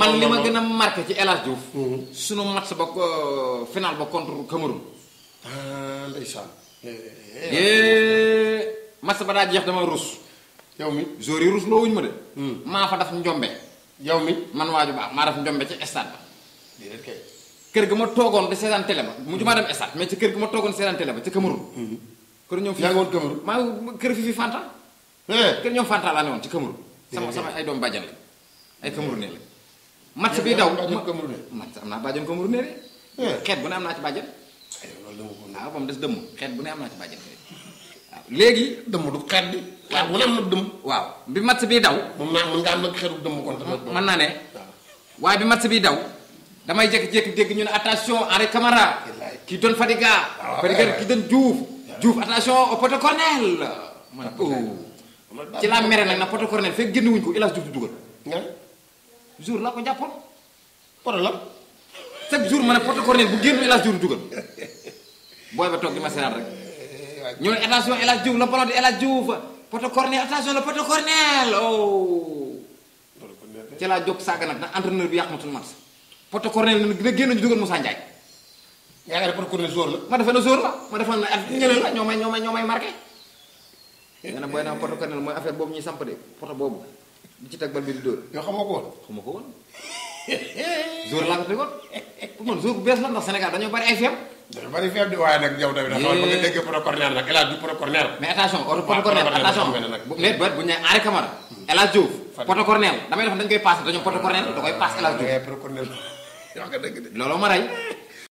man oh, li ma gën a marqué ci El Hadj Diouf. Mm-hmm. sunu match ba final ba contre Cameroun. Ah, eh, eh, eh, ba daa jeex dama rus. mi joueurs yi rus ma de. Mm. maa daf njombe. yow man waaju maa daf njombe ba. déedéet kay. kër gi ma toogoon di seetaan télé ba mu jumaa kër gi ma toogoon seetaan télé ba ci Cameroun. Mm-hmm. kër ñoom fii yaa ngi woon Cameroun maa kër fi fi Fanta. kër ñoom Fanta laa ne woon ci Cameroun. sama sama ay doom bàjjan la ay Cameroun ne la. match bi daw match am naa bàjjen ko mu rune de eh. xeet bu ne am naa ci bàjjen waaw moom des dëmm xeet bu ne am naa ci bàjjen léegi dëmm du xeet bi xeet waaw bi match bi daw mën nga am nag xeetu dëmm kon mën naa ne waaye bi match bii daw damay jékki-jékki dégg ñu ne attention Henri Camara kii doon Fadiga Fadiga kii doon Diouf Diouf attention au poteau corner man ci laa mere nag na poteau corner fekk génn wuñ ko Ilaas Diouf du dugal jour la ko jàppoon problème chaque jour mané porte cornée bu génn El jour dugal boy ba tok di ma rek ñu attention El jour la ballon de El porte cornée attention la porte cornée oh. ci la jox saaga nak ndax entraîneur bi yàq ma suñu match porte cornée dina génn ñu dugal Moussa Ndiaye. ya nga porte cornée jour la. ma defoon na jour la ma defoon na at ñeneen la ñoo may ñoo marqué. nga boy na porte cornée moy affaire bobu ñi samp de porte bobu di ci teg bal bi di dóor. yoo xamoo ko woon. xamoo ko woon. jour laa ko tegoon. pour jour bu bees la ndax Sénégal dañoo bari ay feem. dañoo bari feem di waaye nag yow tamit. a dégg pro corner nag El Hadj pro mais bu nawet bu nawet bu ñu nee hmm. damay def dañ koy paase dañoo poto da koy paase El Hadj Diouf. waaw waaw waaw pro ma rey.